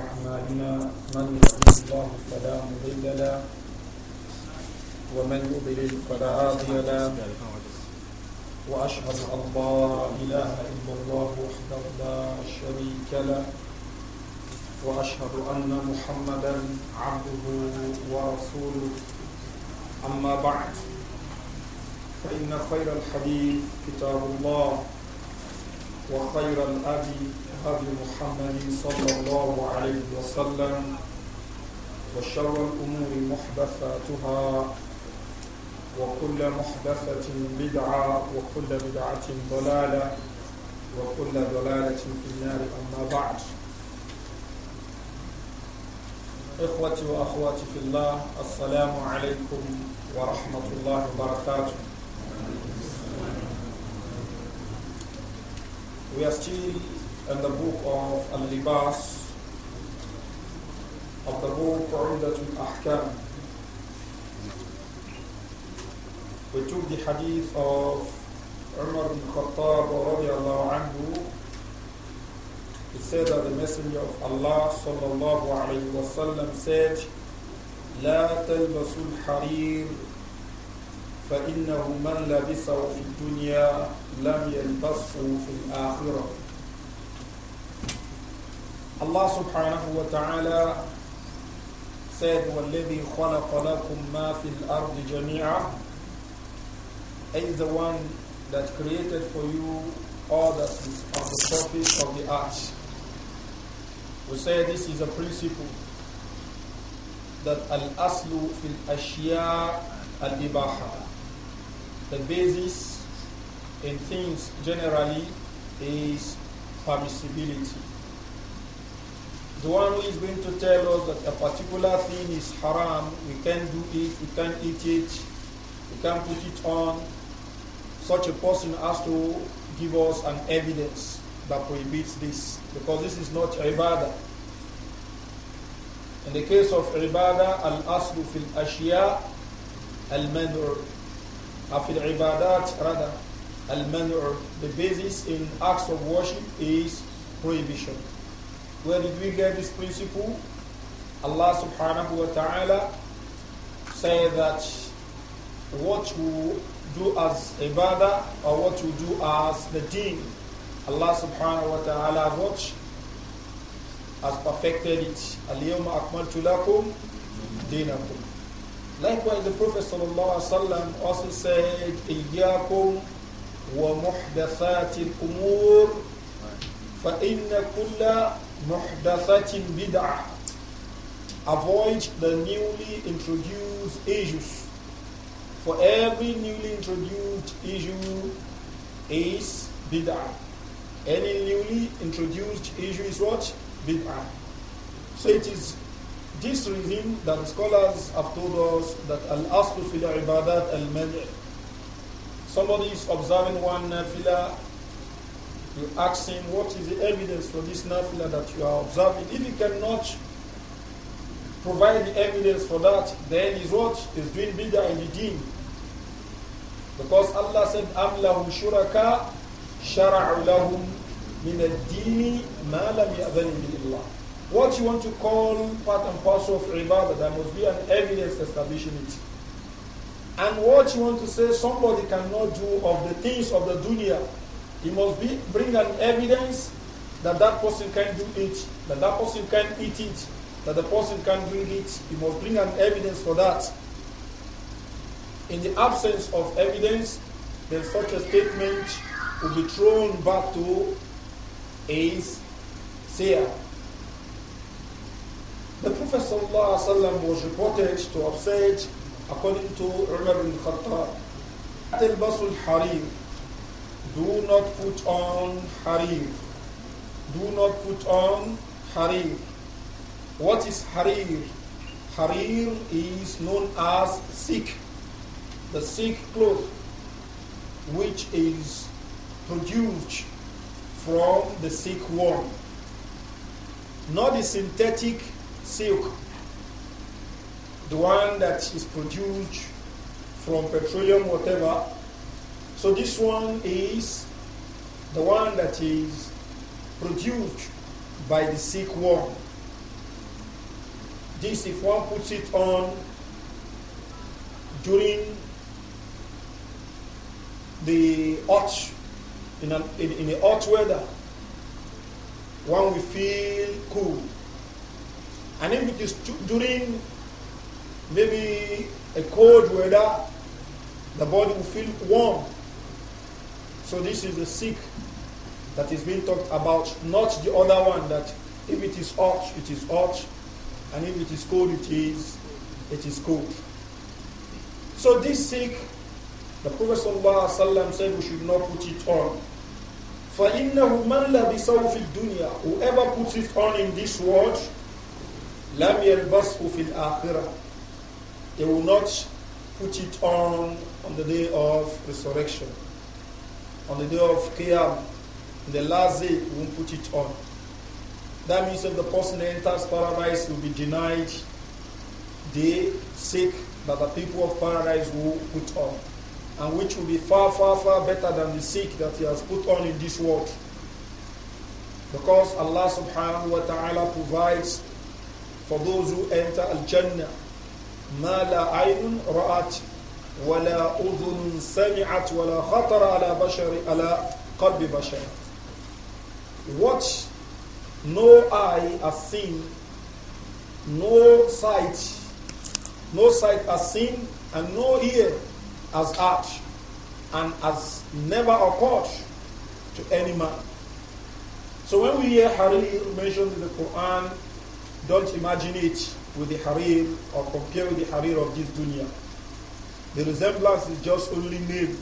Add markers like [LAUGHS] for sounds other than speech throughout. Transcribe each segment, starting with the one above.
أعمالنا من يهده الله فلا مضل له ومن يضلل فلا هادي له وأشهد أن لا إله إلا الله وحده لا شريك له وأشهد أن محمدا عبده ورسوله أما بعد فإن خير الحديث كتاب الله وخير الهدي هدي محمد صلى الله عليه وسلم وشر الأمور محدثاتها وكل محدثة بدعة وكل بدعة ضلالة وكل ضلالة في النار أما بعد إخوتي وأخواتي في الله السلام عليكم ورحمة الله وبركاته We are still in the book of Al-Libas, of the book Umdatul Ahkam. We took the hadith of Umar bin Khattab radiallahu anhu. He said that the Messenger of Allah sallallahu alayhi wa sallam said, لا تلبسوا الحرير فإنه من لبسه في الدنيا لم يلبسه في الآخرة الله سبحانه وتعالى سيد والذي خلق لكم ما في الأرض جميعا أي the one that created for you all that is on the surface of the earth. We say this is a principle that al-aslu fil ashya al-ibaha the basis in things generally is permissibility. The one who is going to tell us that a particular thing is haram, we can do it, we can eat it, we can put it on, such a person has to give us an evidence that prohibits this, because this is not ibadah. In the case of ibadah, al-aslu fil ashya al-madr. في ibadat, rather the basis in acts of worship is prohibition where did we get this principle Allah subhanahu wa ta'ala said that what you do as ibadah or what you do as the deen Allah subhanahu wa ta'ala has perfected it al-yawma akmaltu lakum dinakum Likewise, the Prophet ﷺ also said, إِيَّاكُمْ وَمُحْدَثَاتِ الْأُمُورِ فَإِنَّ كُلَّ مُحْدَثَةٍ بِدْعَةٍ Avoid the newly introduced issues. For every newly introduced issue is bid'ah. Any newly introduced issue is what? Bid'ah. So it is this reason that scholars have told us that al-aslu fil ibadat al-mad' somebody is observing one nafila you ask him what is the evidence for this nafila that you are observing if he cannot provide the evidence for that then his what is doing bigger in the deen because Allah said am lahum shuraka shara'u lahum min ad-dini ma lam ya'dhan Allah what you want to call part and parcel of ibadah, there must be an evidence establishing it. And what you want to say somebody cannot do of the things of the dunya, he must be, bring an evidence that that person can do it, that that person can eat it, that the person can drink it. He must bring an evidence for that. In the absence of evidence, then such a statement will be thrown back to his sayer. The Prophet ﷺ was reported to have said, according to Umar ibn Khattab, Harim, do not put on Harim. Do not put on Harim. What is harim? Harim is known as silk, the silk cloth which is produced from the silk worm. Not the synthetic silk, the one that is produced from petroleum, whatever. So this one is the one that is produced by the worm. This, if one puts it on during the hot, in, an, in, in the hot weather, one will feel cool. And if it is during maybe a cold weather, the body will feel warm. So this is the sick that is being talked about, not the other one that if it is hot, it is hot, and if it is cold, it is it is cold. So this sick, the Prophet said we should not put it on. فَإِنَّهُ مَنْ لَبِسَهُ فِي الدُّنْيَا Whoever puts it on in this world, لم يلبسه في الآخرة they will not put it on on the day of resurrection on the day of Qiyam in the last day they won't put it on that means if the person enters paradise will be denied the sick that the people of paradise will put on and which will be far far far better than the sick that he has put on in this world because Allah subhanahu wa ta'ala provides for those who enter Al-Jannah. ما لا عين رأت ولا أذن سمعت ولا خطر على بشر على قلب بشر. What no eye has seen, no sight, no sight has seen, and no ear has heard, and has never occurred to any man. So when we hear Harir mentioned in the Quran, don't imagine it with the harir or compare with the harir of this dunya. The resemblance is just only name.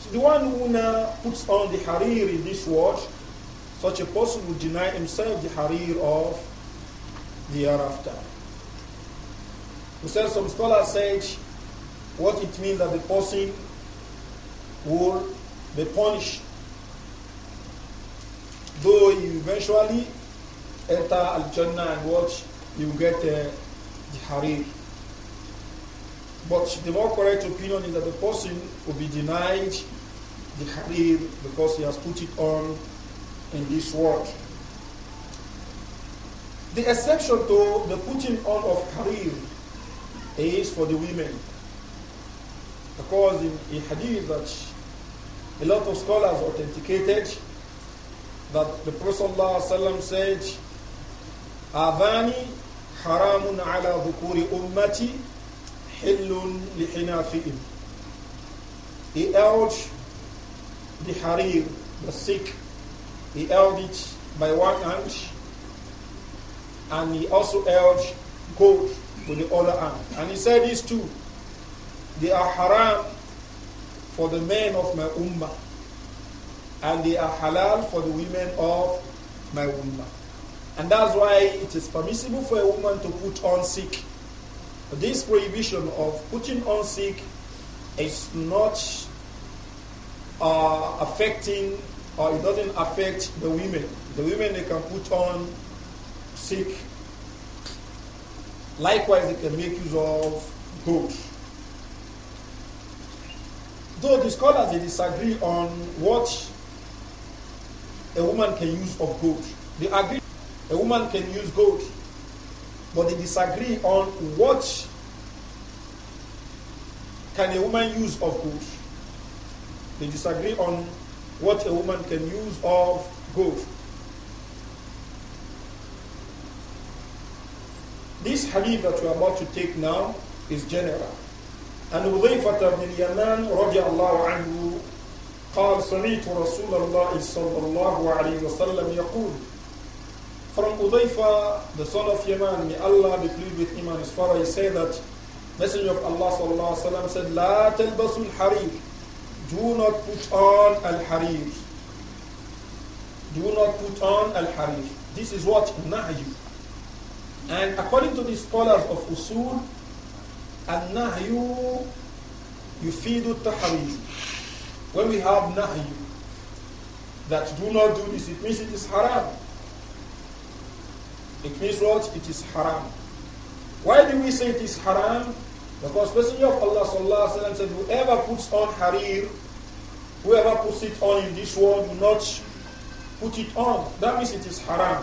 So the one who now puts on the harir in this world, such a person would deny himself the harir of the hereafter. We said some scholars said what it means that the person will be punished, though eventually enter Al Jannah and watch, you get uh, the Harir. But the more correct opinion is that the person will be denied the Harir because he has put it on in this world. The exception to the putting on of Harir is for the women. Because in a hadith that a lot of scholars authenticated, that the Prophet ﷺ said, أذاني حرام على ذكور أمتي حل لحنافهم He urged the harir, the sick, he held it by one hand and he also held gold with the other hand. And he said these two, they are haram for the men of my ummah and they are halal for the women of my ummah. And that's why it is permissible for a woman to put on sick. This prohibition of putting on sick is not uh, affecting or it doesn't affect the women. The women they can put on sick. Likewise, they can make use of gold. Though the scholars they disagree on what a woman can use of gold. They agree a woman can use gold, but they disagree on what can a woman use of gold. They disagree on what a woman can use of gold. This hadith that we're about to take now is general. And Udayfat ibn Yaman radiallahu anhu قال سمعت رسول الله صلى الله عليه وسلم يقول from Udayfa, the son of Yaman, may Allah be pleased with him and his father, he said that Messenger of Allah sallallahu alaihi wasallam said, "La talbasul harir." Do not put on al harir. Do not put on al harir. This is what nahy. And according to the scholars of usul, al nahyu yufidu tahrir. When we have nahy that do not do this, it means it is haram. It means what? It is haram. Why do we say it is haram? Because Messenger of Allah sallallahu alayhi wa said, whoever puts on harir, whoever puts it on in this world, do not put it on. That means it is haram.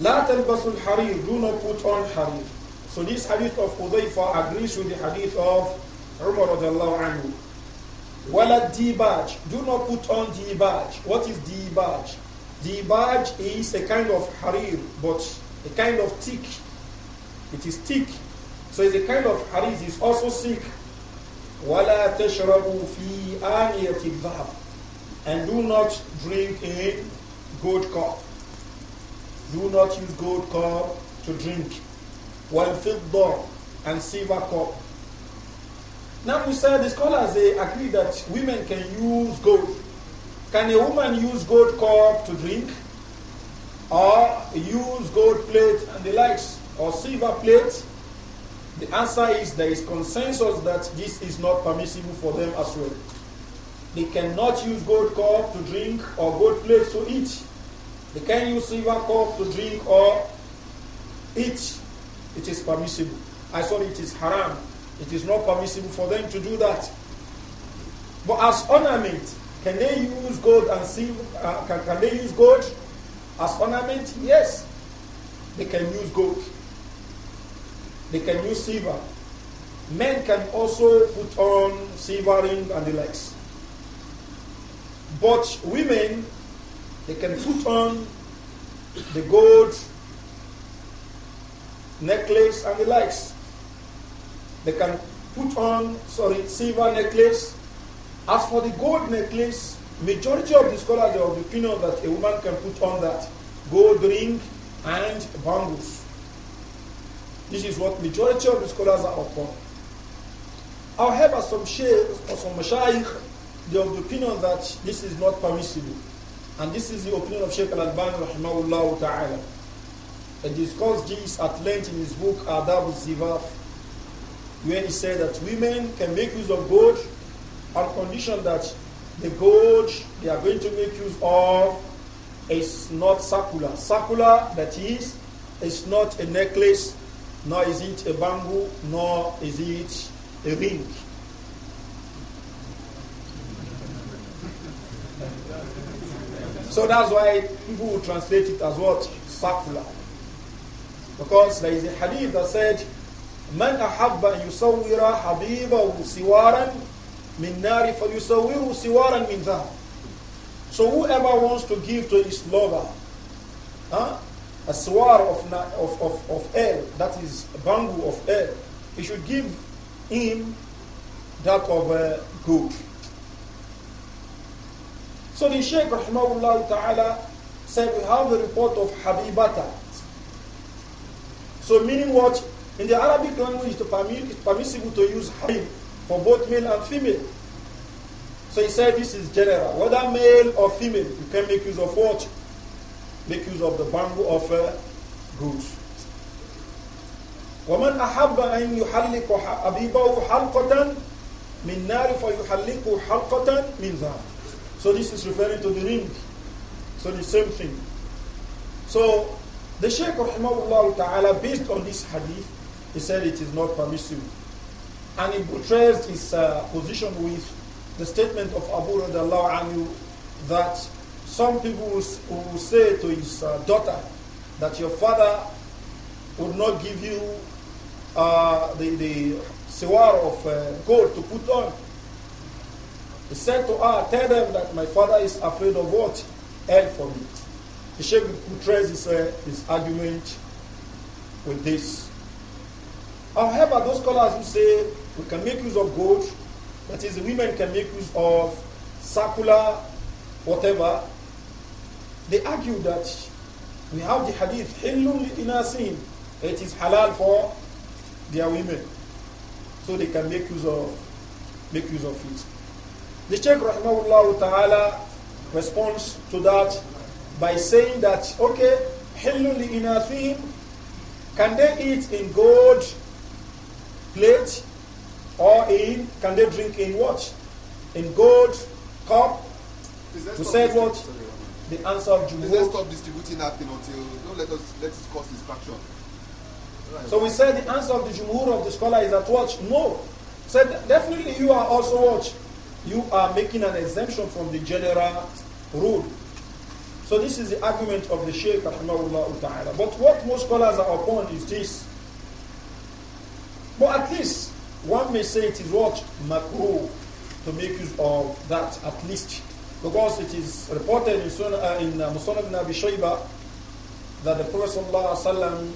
La talbasul harir, do not put on harir. So this hadith of Hudayfa agrees with the hadith of Umar radiallahu anhu. Wala dibaj, do not put on dibaj. What is dibaj? The badge is a kind of harir, but a kind of thick. It is thick. So it's a kind of harir. It's also thick. وَلَا تَشْرَبُوا فِي آنِيَةِ الذَّهَبِ And do not drink in gold cup. Do not use gold cup to drink. door And silver cup. Now we said the scholars they agree that women can use gold can a woman use gold cup to drink? Or use gold plate and the likes? Or silver plate? The answer is there is consensus that this is not permissible for them as well. They cannot use gold cup to drink or gold plate to eat. They can use silver cup to drink or eat. It is permissible. I saw it is haram. It is not permissible for them to do that. But as ornament, can they use gold and silver? Uh, can, can they use gold as ornament? Yes. They can use gold. They can use silver. Men can also put on silver ring and the likes. But women, they can put on the gold necklace and the likes. They can put on, sorry, silver necklace as for the gold necklace, majority of the scholars are of the opinion that a woman can put on that gold ring and bangles. This is what majority of the scholars are upon. However, some sheikhs or some mashaykh, they are of the opinion that this is not permissible. And this is the opinion of Sheikh Al-Albani rahimahullah ta'ala. He discussed this at length in his book Adab al-Zivaf, where he said that women can make use of gold on condition that the gold they are going to make use of is not circular. Circular, that is, is not a necklace, nor is it a bangle, nor is it a ring. So that's why people will translate it as what? Circular. Because there is a hadith that said, من أحب أن يصور حبيبه min nari falyusawiru siwaran min dhahab. So whoever wants to give to his lover huh, a swar of, of, of, of air, that is a bangu of air, he should give him that of uh, gold. So the Shaykh rahmahullah ta'ala said we have the report of Habibata. So meaning what? In the Arabic language it is permissible to use Habib for both male and female. So he said this is general. Whether male or female, you can make use of what? Make use of the bamboo of uh, goods. ومن أحب أن يحلق أبيبه حلقة من نار فيحلقه حلقة من ذهب. So this is referring to the ring. So the same thing. So the Shaykh rahimahullah ta'ala based on this hadith, he said it is not permissible and he portrays his uh, position with the statement of Abu radiallahu anhu that some people will say to his uh, daughter that your father would not give you uh, the, the sewar of uh, gold to put on. He said to her, tell them that my father is afraid of what? Hell for me. The Sheikh portrays his, uh, his argument with this. However, those scholars who say we can make use of gold. That is, women can make use of circular, whatever. They argue that we have the hadith, Hillum sin. It is halal for their women. So they can make use of make use of it. The Sheikh Rahimahullah Ta'ala responds to that by saying that, okay, Hillun sin. can they eat in gold plate? or in can they drink in what? In gold cup? To say what? The answer of Jumhur. Let's stop distributing that thing until don't let us let us cause distraction. So we said the answer of the Jumhur of the scholar is that what? No. Said so definitely you are also what? You are making an exemption from the general rule. So this is the argument of the Shaykh But what most scholars are upon is this. But at least one may say it is what? Makruh to make use of that at least. Because it is reported in, Sunnah, uh, in uh, ibn Abi Shayba that the Prophet ﷺ,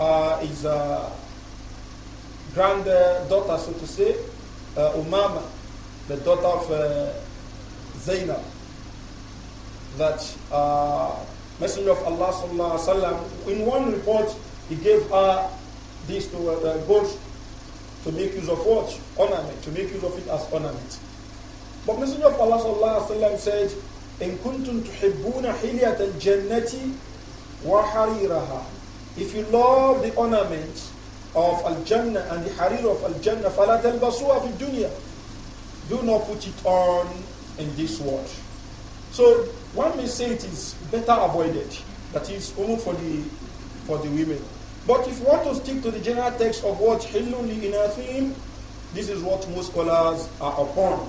uh, is uh, granddaughter, so to say, uh, Umama, the daughter of uh, Zainab, that uh, Messenger of Allah in one report, he gave her this to uh, gold to make use of what? Ornament, to make use of it as ornament. But Messenger of Allah sallallahu alayhi wa said, إِن كُنْتُمْ تُحِبُّونَ حِلْيَةَ الْجَنَّةِ وَحَرِيرَهَا If you love the ornament of Al-Jannah and the harir of Al-Jannah, فَلَا تلبسوا فِي الدُّنْيَا Do not put it on in this world. So one may say it is better avoided. That is only for the, for the women. But if you want to stick to the general text of what Hillun li inathim, this is what most scholars are upon.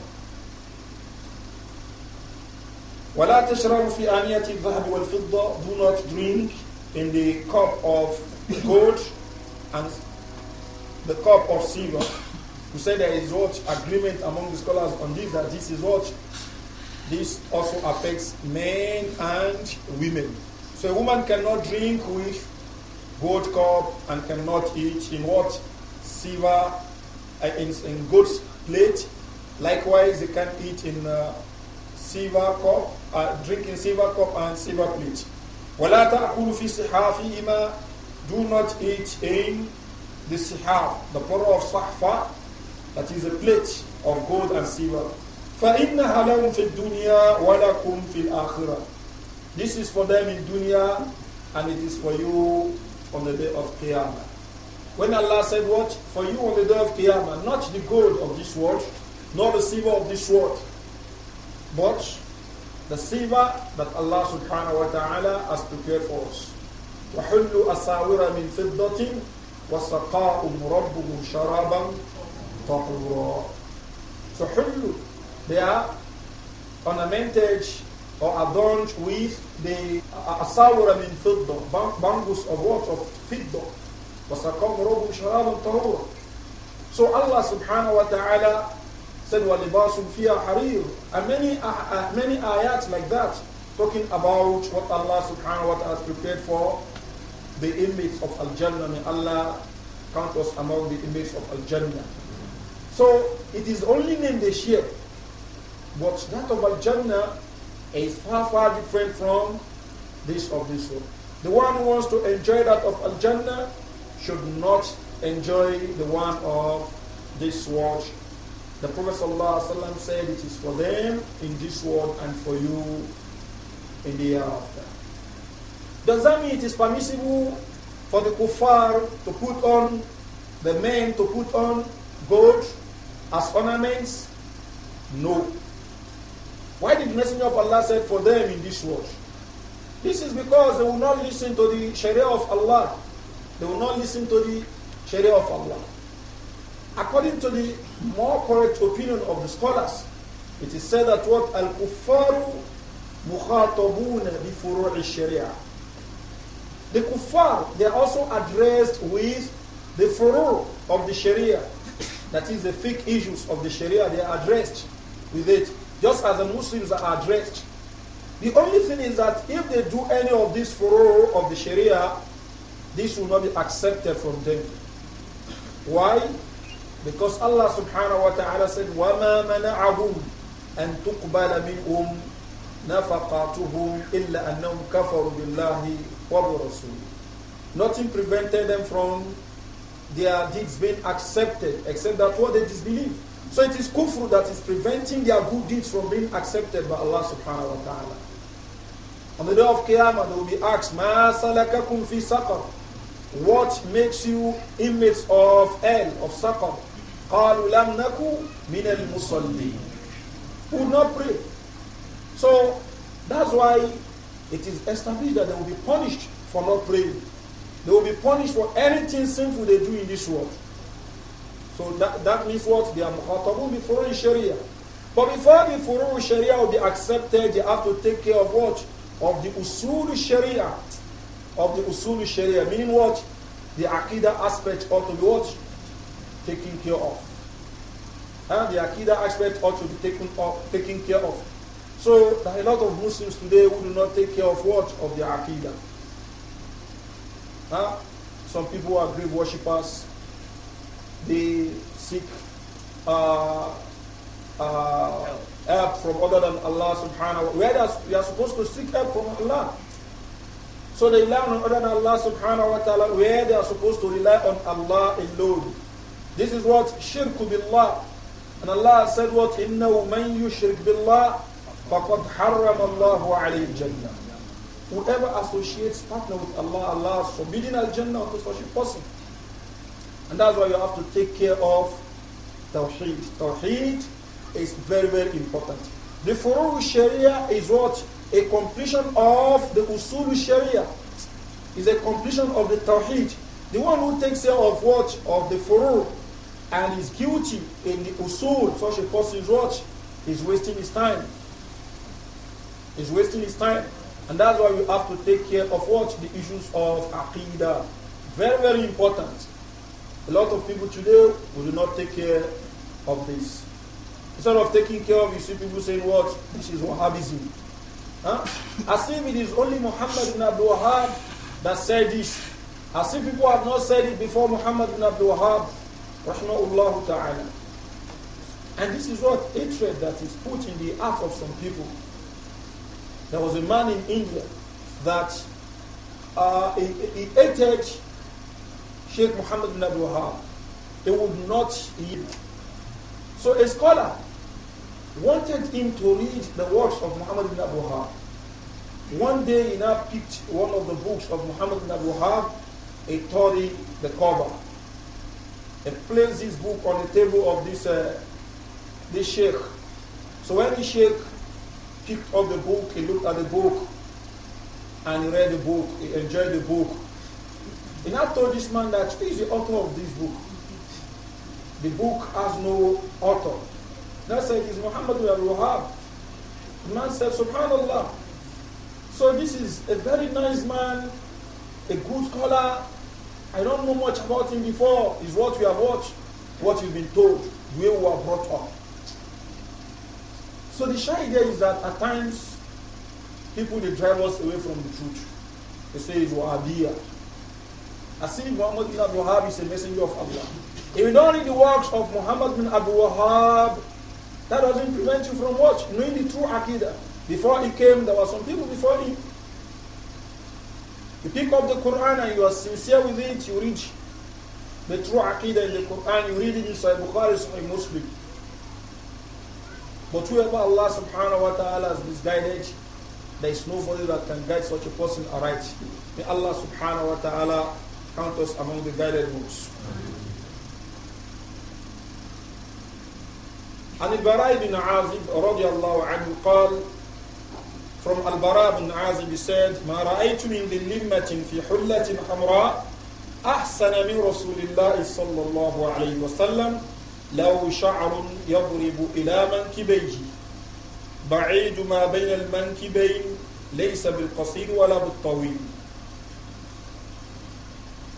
ولا تشرب في آنية الذهب والفضة do not drink in the cup of gold and the cup of silver. We say there is what agreement among the scholars on this that this is what this also affects men and women. So a woman cannot drink with gold cup and cannot eat in what? Silver, uh, in, in gold plate. Likewise, they can eat in uh, silver cup, uh, drink in silver cup and silver plate. وَلَا تَأْكُلُ فِي صِحَافِهِمَا Do not eat in the half the plural of sahfa, that is a plate of gold and silver. فَإِنَّهَا لَهُمْ فِي الدُّنْيَا وَلَكُمْ فِي الْآخِرَةِ This is for them in dunya and it is for you on the day of Qiyamah. When Allah said, What? For you on the day of Qiyamah, not the gold of this world, nor the silver of this world, but the silver that Allah subhanahu wa ta'ala has prepared for us. وحلوا أَسَاوِرَ مِنْ فِضَّةٍ وَسَقَاهُمْ رَبُّهُمْ شَرَابًا طَهُورًا So حُلُّ, they are ornamented or adorned with the asawara min fidda, bangus of what? Of fidda. وَسَقَمْ رَبُّ شَرَابًا طَهُورًا So Allah subhanahu wa ta'ala said, وَلِبَاسٌ فِيهَا حَرِيرٌ And many, uh, uh, many ayats like that, talking about what Allah subhanahu wa ta'ala has prepared for the inmates of Al-Jannah. May Allah count us among the inmates of Al-Jannah. So it is only named the share. But that of Al-Jannah is far, far different from this of this world. The one who wants to enjoy that of Al Jannah should not enjoy the one of this world. The Prophet ﷺ said it is for them in this world and for you in the hereafter. Does that mean it is permissible for the kuffar to put on, the men to put on gold as ornaments? No. Why did Messenger of Allah said for them in this world? This is because they will not listen to the Sharia of Allah. They will not listen to the Sharia of Allah. According to the more correct opinion of the scholars, it is said that what al-kuffaru mukhatabuna bi al sharia. The kuffar, they are also addressed with the furu of the sharia. That is the fiqh issues of the sharia, they are addressed with it just as the Muslims are dressed. The only thing is that if they do any of this furor of the Sharia, this will not be accepted from them. Why? Because Allah subhanahu wa ta'ala said, وَمَا مَنَعَهُمْ أَن تُقْبَلَ مِنْهُمْ نَفَقَاتُهُمْ إِلَّا أَنَّهُمْ كَفَرُوا بِاللَّهِ وَبِرَسُولِهِ Nothing prevented them from their deeds being accepted, except that what they disbelieve. So it is kufr that is preventing their good deeds from being accepted by Allah subhanahu wa ta'ala. On the day of Qiyamah, they will be asked, Ma salakakum fi saqar? What makes you inmates of hell, of saqar? قَالُوا لَمْ نَكُوا مِنَ الْمُصَلِّينَ Would not pray. So that's why it is established that they will be punished for not praying. They will be punished for anything sinful they do in this world. So that, that means what? They are muhatabun before Sharia. But before the furu Sharia will be accepted, they have to take care of what? Of the usul Sharia. Of the usul Sharia. Meaning what? The akida aspect ought to be what? Taken care of. And the akida aspect ought to be taken, up, taken care of. So there are a lot of Muslims today who do not take care of what? Of the Aqidah. Huh? Some people are grave worshippers they seek uh, uh, help from other than Allah subhanahu wa ta'ala. Whereas we are supposed to seek help from Allah. So they rely on other than Allah subhanahu wa ta'ala where they are supposed to rely on Allah alone. This is what shirk billah. And Allah said what إِنَّهُ مَنْ يُشْرِكْ بِاللَّهِ فَقَدْ حَرَّمَ اللَّهُ عَلَيْهِ الْجَنَّةِ Whoever associates partner with Allah, Allah has forbidden al-Jannah to such a person. And that's why you have to take care of Tawheed. Tawheed is very, very important. The Furu Sharia is what? A completion of the Usul Sharia. Is a completion of the Tawheed. The one who takes care of what? Of the Furu and is guilty in the Usul, such a person is what? He's wasting his time. He's wasting his time. And that's why you have to take care of what? The issues of Aqidah. Very, very important. A lot of people today will not take care of this. Instead of taking care of, you see people saying, What? This is Wahhabism. Huh? As if it is only Muhammad ibn Abdul Wahhab that said this. As if people have not said it before Muhammad ibn Abdul Wahhab. ta'ala. And this is what hatred that is put in the heart of some people. There was a man in India that uh, he, he hated Sheikh Muhammad bin Abdul Wahab, he would not yield. So a scholar wanted him to read the works of Muhammad bin Abdul Wahab. One day he now picked one of the books of Muhammad bin Abdul Wahab, a tore the cover and placed this book on the table of this, uh, this sheikh. So when the sheikh picked up the book, he looked at the book and he read the book, he enjoyed the book. He now told this man that he is the author of this book. The book has no author. Now said is Muhammad ibn Wahab. The man said, Subhanallah. So this is a very nice man, a good scholar. I don't know much about him before. Is what we have watched, what you've been told, where we were brought up. So the shy idea is that at times people they drive us away from the truth. They say it's Wahhabiyah. As Muhammad bin Abdul Wahab is a messenger of Allah. If you don't read the works of Muhammad bin Abdul Wahab, that doesn't prevent you from what? Knowing the true Aqidah. Before he came, there were some people before him. You pick up the Quran and you are sincere with it, you reach the true Aqidah in the Quran, you read it inside Bukhari, Bukhari, a Muslim. But whoever Allah subhanahu wa ta'ala has misguided, there is nobody that can guide such a person aright. May Allah subhanahu wa ta'ala count us among the guided ones. عن البراء بن عازب رضي الله عنه قال from البراء بن عازب said ما رأيت من ذي لمة في حلة حمراء أحسن من رسول الله صلى الله عليه وسلم له شعر يضرب إلى منكبيه بعيد ما بين المنكبين ليس بالقصير ولا بالطويل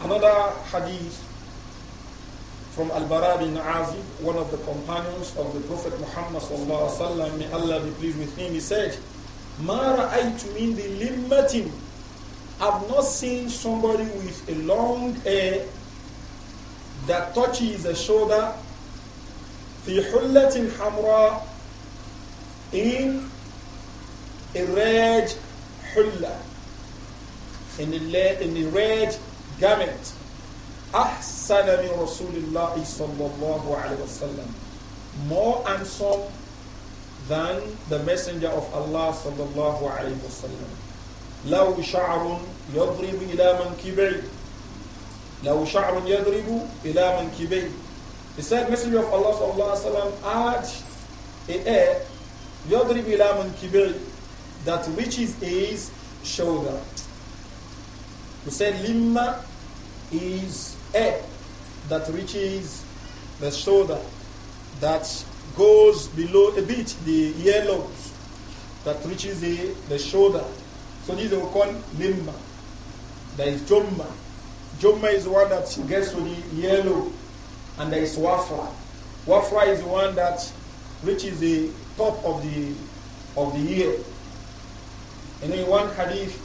Another hadith from Al-Bara bin Azib, one of the companions of the Prophet Muhammad sallallahu alaihi wasallam, may Allah be pleased with him, he said, "Ma ra'aytu min limmatin." I've not seen somebody with a long hair that touches the shoulder Fi hullatīn hamra in a red hulla in a, in a red garment أحسن من رسول الله صلى الله عليه وسلم more handsome than the messenger of Allah صلى الله عليه وسلم له شعر يضرب إلى منكبيه له شعر يضرب إلى منكبيه He said, Messenger of Allah صلى الله عليه وسلم had a hair يضرب إلى منكبيه that reaches his shoulder he said, Limma is air that reaches the shoulder, that goes below a bit, the earlobes, that reaches the, the shoulder. So this they will call limma. There is jomma. Jomma is the one that gets to the yellow, and there is wafra. Wafra is the one that reaches the top of the of the ear. And in one hadith,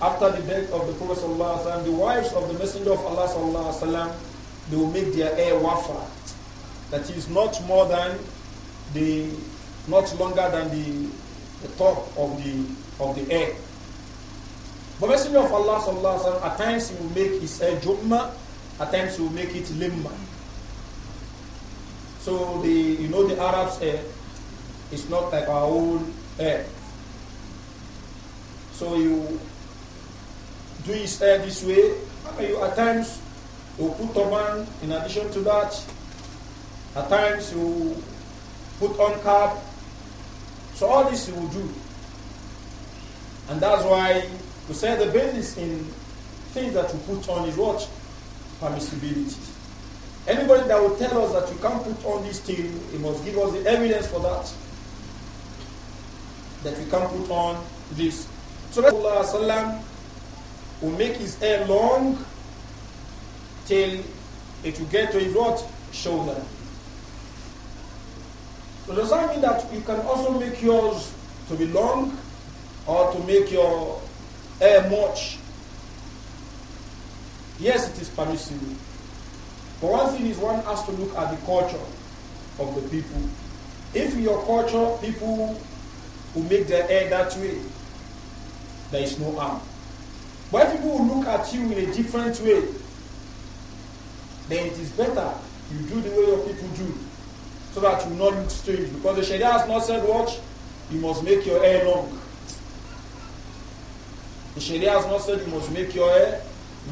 after the death of the Prophet sallam, the wives of the Messenger of Allah sallam, they will make their hair wafa. That is not more than the, not longer than the, the top of the of the hair. The Messenger of Allah sallam, at times he will make his hair jumma, at times he will make it limma. So the you know the Arabs hair is not like our own hair. So you do his hair this way. I mean, at times you put on. in addition to that. At times you put on cap. So all this you will do. And that's why we say the basis in things that you put on is what? Permissibility. Anybody that will tell us that you can't put on this thing, he must give us the evidence for that. That you can't put on this. So Rasulullah will make his hair long till it will get to his what? Shoulder. So does that mean that you can also make yours to be long or to make your hair much? Yes, it is permissible. But one thing is one has to look at the culture of the people. If in your culture people who make their hair that way, there is no harm. White people will look at you in a different way, then it is better you do the way your people do so that you will not look strange. Because the Sharia has not said, watch, you must make your hair long. The Sharia has not said you must make your hair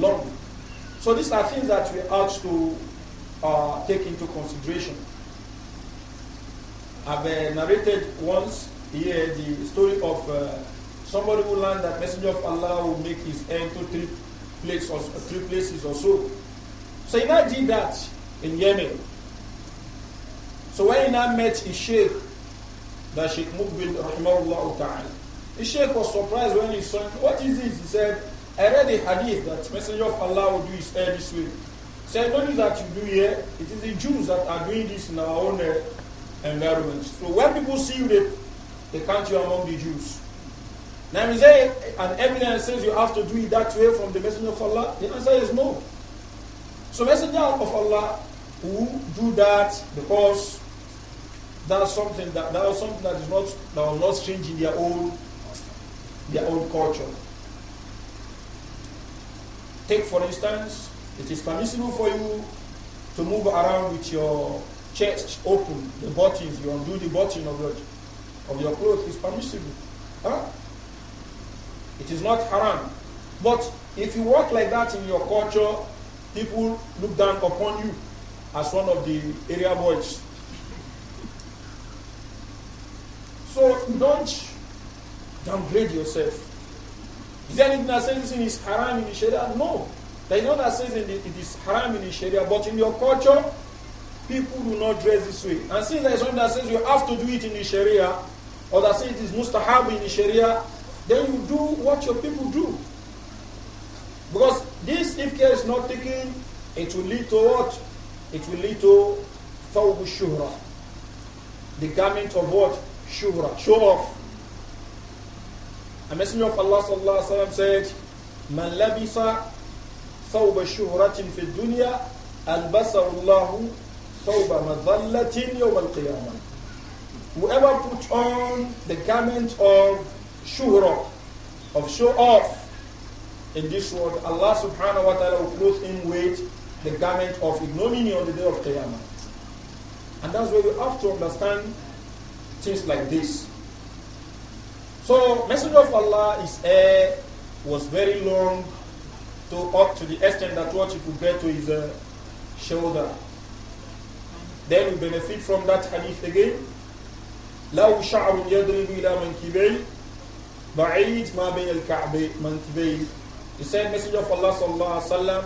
long. So these are things that we ought to uh, take into consideration. I've uh, narrated once here the story of uh, Somebody will learn that Messenger of Allah will make his end to three places or, uh, three places or so. So he now did that in Yemen. So when he now met his sheikh, that Sheikh Mubin Rahimahullah Ta'ala, his sheikh was surprised when he saw him. What is this? He said, I read a hadith that Messenger of Allah will do his end this way. So not only that you do here, it is the Jews that are doing this in our own uh, environment. So when people see you, they, they count you among the Jews. Now, is there an evidence says you have to do it that way from the Messenger of Allah? The answer is no. So, Messenger of Allah who do that because that's something that that was something that is not that was not strange in their own their own culture. Take for instance, it is permissible for you to move around with your chest open, the buttons, you undo the button of your of your clothes is permissible. Huh? It is not haram. But if you walk like that in your culture, people look down upon you as one of the area boys. So don't downgrade yourself. Is there anything that says this is haram in the Sharia? No. There is no that says it is haram in the Sharia, but in your culture, people do not dress this way. And since there is something that says you have to do it in the Sharia, or that says it is mustahab in the Sharia, then you do what your people do. Because this, if care is not taken, it will lead to what? It will lead to thawb shuhra. The garment of what? Shuhra. Show off. A messenger of Allah sallallahu wa wasallam said, "Man labisa thawb shuhratin fi dunya, albasahu Allah thawb madhallatin yawm qiyamah Whoever put on the garment of shura, of show off. In this world, Allah subhanahu wa ta'ala will clothe him with the garment of ignominy on the day of Qiyamah. And that's where we have to understand things like this. So, Messenger of Allah, his hair was very long to up to the extent that what he could get to his uh, shoulder. Then we benefit from that hadith again. لو شعر يضرب إلى منكبيه Ba'id ma bayn al-ka'bayn The same message of Allah sallallahu alaihi wasallam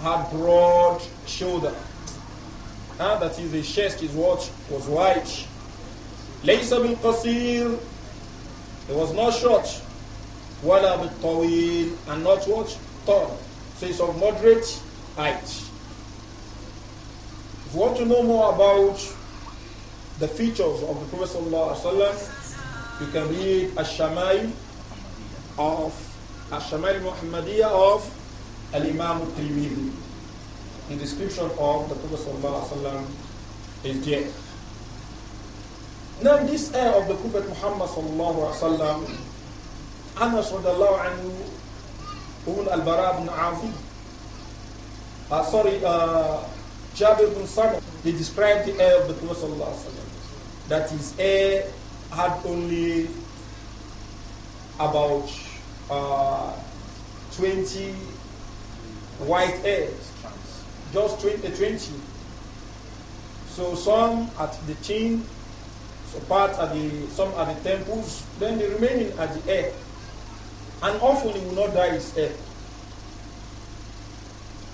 had broad shoulder. Ah, that is his chest His watch was wide. Laysa bil qasir. It was not short. Wala bil tawil and not what tall. So it's of moderate height. If you want to know more about the features of the Prophet sallallahu alaihi wasallam you can read Ash-Shamail of Ash-Shamail Muhammadiyya of Al-Imam Tirmidhi. The description of the Prophet Sallallahu is there. Now this air of the Prophet Muhammad Sallallahu Alaihi Wasallam, Anas radiallahu anhu, Ibn umm al-Bara ibn Afi, uh, sorry, uh, Jabir ibn Samar, they described the air of the Prophet Sallallahu Alaihi Wasallam. That his air had only about uh, 20 white heads, just 20, uh, 20. So some at the chin, so part at the, some at the temples, then the remaining at the hair. And often he will not die his head,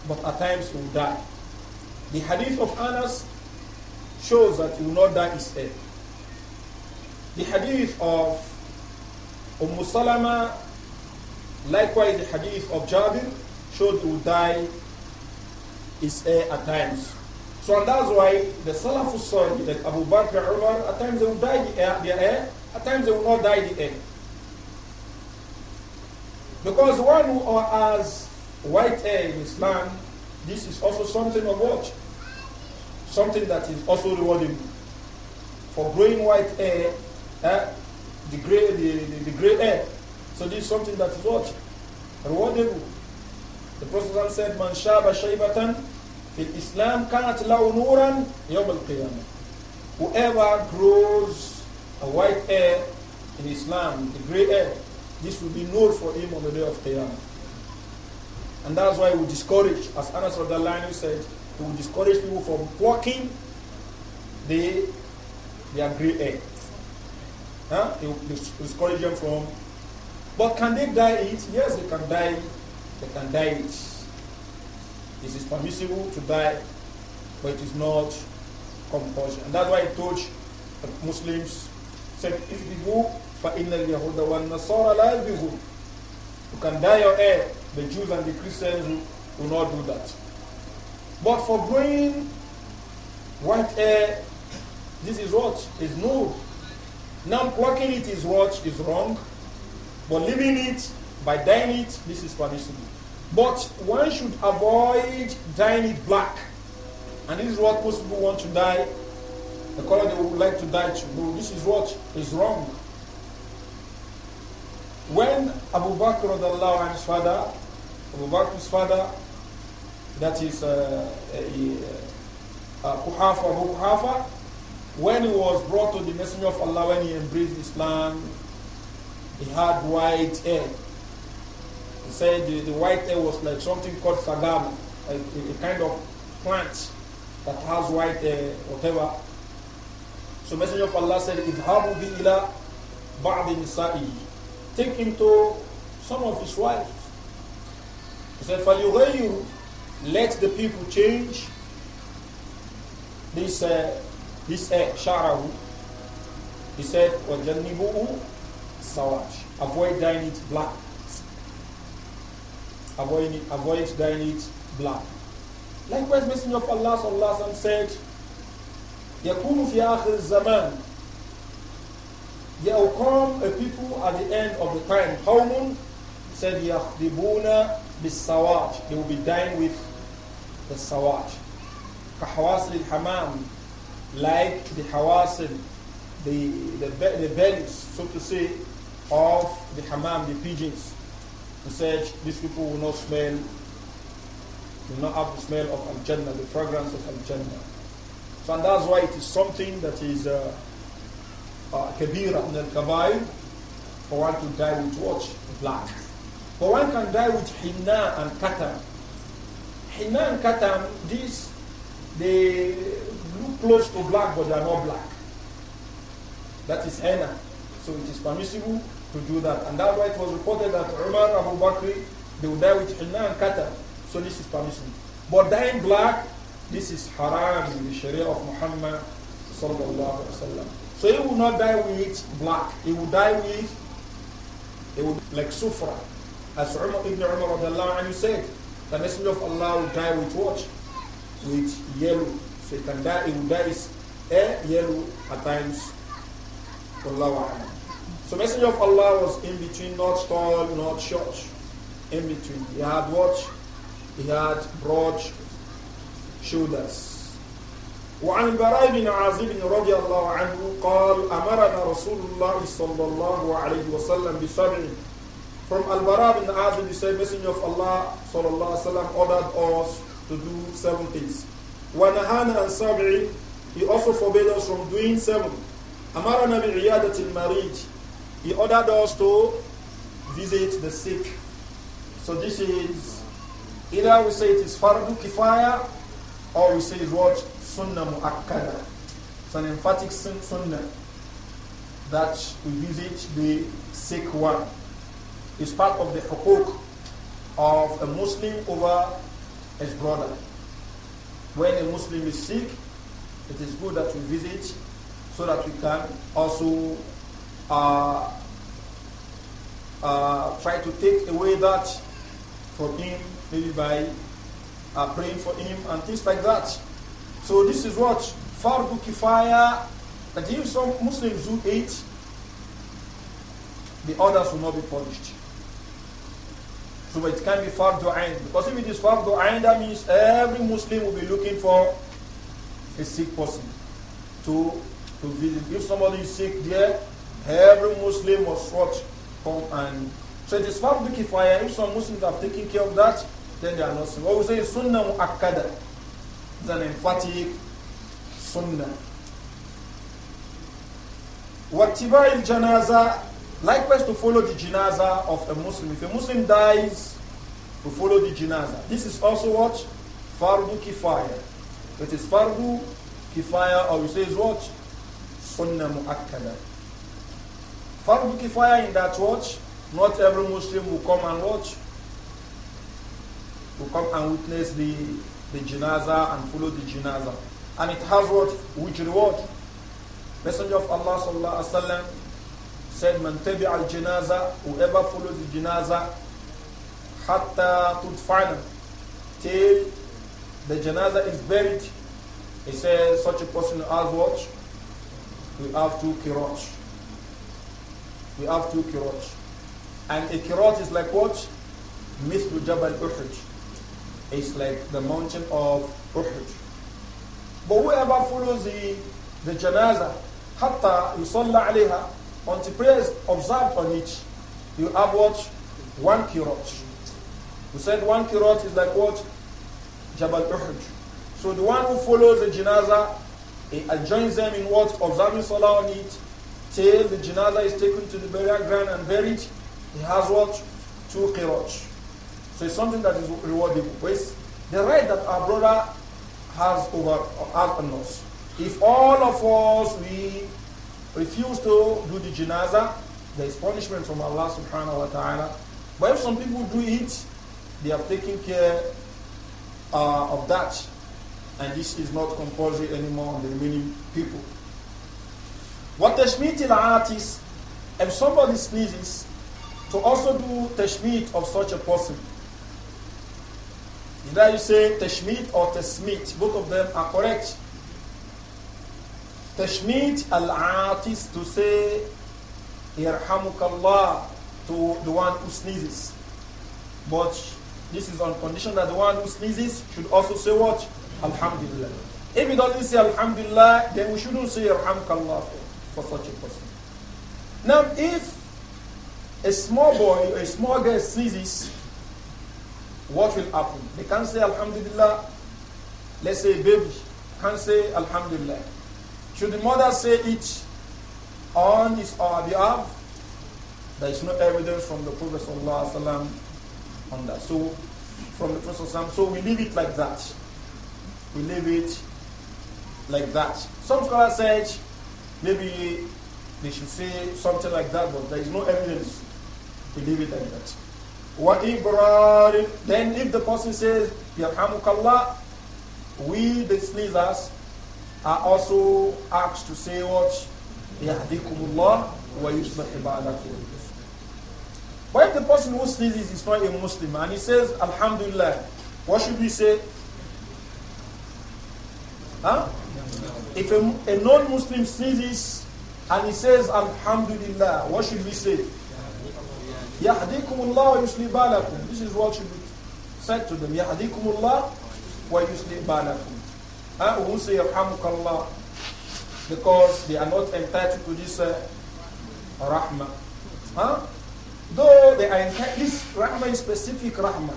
But at times he will die. The hadith of Anas shows that he will not die his head. The hadith of Umm Salama, likewise the hadith of Jabir, showed to die is air at times. So and that's why the Salafus Salih, that Abu Bakr, Umar, at times they will die the air, their hair, at times they will not die the hair. Because one who has white hair in Islam, this is also something of what? Something that is also rewarding. For growing white hair, eh, the gray the, the, the gray air. So this is something that is what? Rewardable. The Prophet said, Man shaba shaybatan fil Islam kanat lahu nuran yawm al-qiyamah. Whoever grows a white hair in Islam, the gray hair, this will be null for him on the day of Qiyamah. And that's why we discourage, as Anas Radalani said, we discourage people from plucking the, their gray hair. Huh? They will discourage them from. But can they die? it? Yes, they can die. They can die. it. It is permissible to die, but it is not compulsion. And that's why I told Muslims, said, if you go, فَإِنَّ الْيَهُودَ وَالنَّصَارَ لَا يَلْبِغُونَ You can die your hair. The Jews and the Christians will not do that. But for growing white hair, this is what? Is no now plucking it is what is wrong, but leaving it by dyeing it, this is permissible. But one should avoid dyeing it black. And this is what most people want to dye, the color they would like to dye to. No, this is what is wrong. When Abu Bakr and his father, Abu Bakr's father, that is uh, uh, uh, Kuhafa, Abu Kuhafa, when he was brought to the messenger of Allah, when he embraced Islam, he had white hair. He said the, the white hair was like something called sagam, like a, a, kind of plant that has white hair, whatever. So messenger of Allah said, If bi ila ba'di nisa'i. Take him to some of his wives. He said, you Let the people change this uh, he said, Sha'rahu. He said, وَجَنِّبُهُ sawaj. Avoid dyeing it black. Avoid, it, avoid dyeing it black. Likewise, Messenger of Allah sallallahu said, يَكُونُ فِي آخِرِ الزَّمَانِ There will come a people at the end of the time. قَوْمٌ said, يَخْدِبُونَ بِالسَّوَاجِ They will be dying with the sawaj. كَحَوَاسِ al-hamām like the Hawasin, the, the, the bellies, so to say, of the Hammam, the pigeons. He said, These people will not smell, will not have the smell of Al Jannah, the fragrance of Al Jannah. So, and that's why it is something that is uh, uh, Al Kabair for one to die with watch Black. But one can die with Hinna and Katam. Hinna and Katam, these, they look close to black, but they are not black. That is henna. So it is permissible to do that. And that's why it was reported that Umar Abu Bakr, they would die with henna and kata. So this is permissible. But dying black, this is haram in the Sharia of Muhammad sallallahu wasallam. So he will not die with black. He will die with, he will like sufra, as Umar ibn Umar radiallahu anhu said. The Messenger of Allah will die with what? With yellow. So it can dye, it will dye yellow at times. So Messenger of Allah was in between, not tall, not short. In between. He had what? He had broad shoulders. وعن البراء بن عازب رضي الله عنه قال أمرنا رسول الله صلى الله عليه وسلم بسبع From Al-Bara bin Azib, he said, Messenger of Allah sallallahu alaihi wasallam ordered us to do seven things. وَنَهَانَ and sab'i, he also forbade us from doing seven. أَمَرَنَا بِعِيَادَةِ الْمَرِيجِ He ordered us to visit the sick. So this is, either we say it is fardu kifaya, or we say it is what? Sunnah mu'akkada. It's an emphatic sunnah that we visit the sick one. It's part of the hukuk of a Muslim over his brother when a Muslim is sick, it is good that we visit so that we can also uh, uh, try to take away that from him, maybe by uh, praying for him and things like that. So this is what fardu kifaya. That if some Muslims do it, the others will not be punished. So it can be fardu ain. Because if it is fardu ain, that means every Muslim will be looking for a sick person to, to visit. If somebody is sick there, every Muslim must watch, come and. So it is fardu kifaya. If some Muslims have taken care of that, then they are not sick. What we say is sunnah mu'akkada. It's an emphatic sunnah. واتباع الجنازة Likewise, to follow the jinaza of a Muslim. If a Muslim dies, to follow the jinaza. This is also what? Fardu kifaya. It is fardu kifaya, or we say is what? Sunnah mu'akkada. Fardu kifaya in that watch, not every Muslim will come and watch, will come and witness the, the jinaza and follow the jinaza. And it has what? Which reward? Messenger of Allah sallallahu alaihi wasallam said man tabi al janaza whoever follows the janaza hatta tudfan till the janaza is buried he says such a person as what we have two kirat we have two kirat and a kirat is like what mithl jabal uhud it's like the mountain of uhud but whoever follows the the janaza hatta yusalla alayha until prayer is observed on it, you have what? One kirot. We said one kirot is like what? Jabal Uhud. So the one who follows the janaza, he joins them in what? Observing salah on it, till the janaza is taken to the burial ground and buried, he has what? Two kirot. So it's something that is rewardable. the right that our brother has over us. If all of us, we refuse to do the janaza, there is punishment from Allah subhanahu wa ta'ala. But if some people do it, they have taken care uh, of that. And this is not compulsory anymore on the remaining people. What tashmit art is, if somebody sneezes, to also do tashmit of such a person. Either you say tashmit or tasmit, both of them are correct. Tashmid al-atis to say Yarhamukallah to the one who sneezes. But this is on condition that the one who sneezes should also say what? Alhamdulillah. If he doesn't say Alhamdulillah, then we shouldn't say Yarhamukallah for, for such a person. Now, if a small boy, a small girl sneezes, what will happen? They can't say Alhamdulillah. Let's say baby can't say Alhamdulillah. Should the mother say it on his or her behalf? There is no evidence from the Prophet ﷺ on that. So, from the Prophet so we leave it like that. We leave it like that. Some scholars said maybe they should say something like that, but there is no evidence. We leave it like that. Then if the person says, Yarhamukallah, we the sneezers, are also asked to say what Yahdikumullah wa yusba'adakum. But if the person who sneezes is not a Muslim and he says Alhamdulillah, what should we say? Huh? If a, a non-Muslim sneezes and he says Alhamdulillah, what should we say? Yahdikumullah wa yusli This is what should be said to them. Yahdikumullah wa yusli who say because they are not entitled to this uh, rahmah. Huh? Though they are entitled, this rahmah is specific rahmah.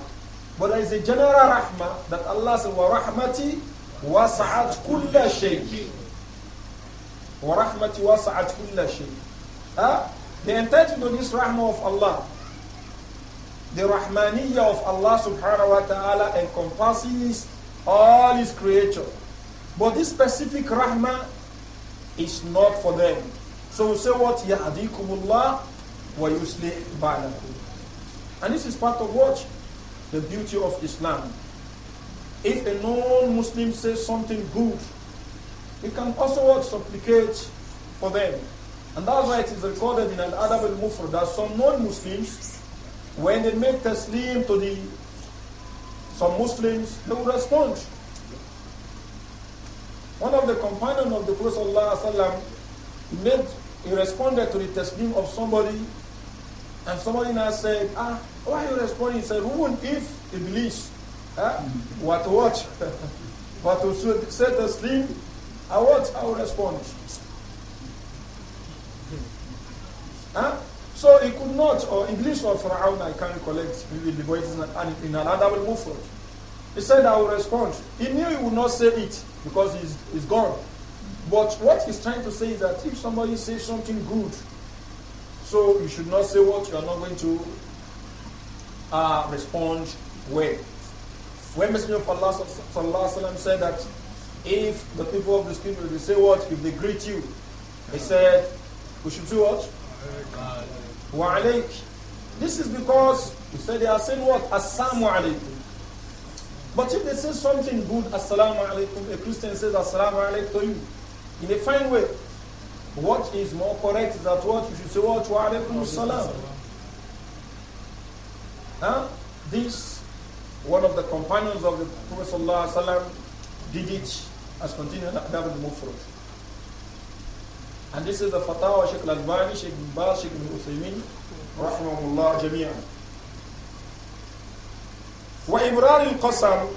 But there is a general rahmah that Allah says, وَرَحْمَتِي وَسَعَتْ shay. Wa rahmati وَسَعَتْ كُلَّ شَيْء huh? They are entitled to this rahmah of Allah. The rahmaniyya of Allah subhanahu wa ta'ala encompasses all his creatures. But this specific rahmah is not for them. So we say what? Yahdikumullah wa yuslih ba'lakum. And this is part of what? The beauty of Islam. If a non-Muslim says something good, it can also what? Supplicate for them. And that's why it is recorded in Al-Adab al-Mufr that some non-Muslims, when they make taslim to the some Muslims, they will respond. One of the companions of the Prophet made, he responded to the testimony of somebody, and somebody now said, Ah, why are you responding? He said, Even if iblis, huh? Eh, [LAUGHS] what what? [LAUGHS] but to set the sleep, I what? I will respond. [LAUGHS] Huh? So he could not, or English or Pharaoh, I can recollect, maybe the voice is in an adabul mufrad. He said, I will respond. He knew he would not say it because he's, he's gone. But what he's trying to say is that if somebody says something good, so you should not say what you are not going to uh, respond with. When Messenger of Allah said that if the people of the people, they say what? If they greet you, he said, we should do what? Wa This is because he said they are saying what? Assalamu alaikum. But if they say something good, Assalamu alaikum, a Christian says Assalamu alaikum in a fine way, what is more correct is that what you should say what wa alaikum salam. Huh? This one of the companions of the Prophet did it as continued Adab al-Mufrad. And this is the fatwa Sheikh Al-Albani, Sheikh Ibn Baz, Sheikh Ibn Uthaymin, rahmahullah jami'an. وَإِمْرَارِ الْقَسَمِ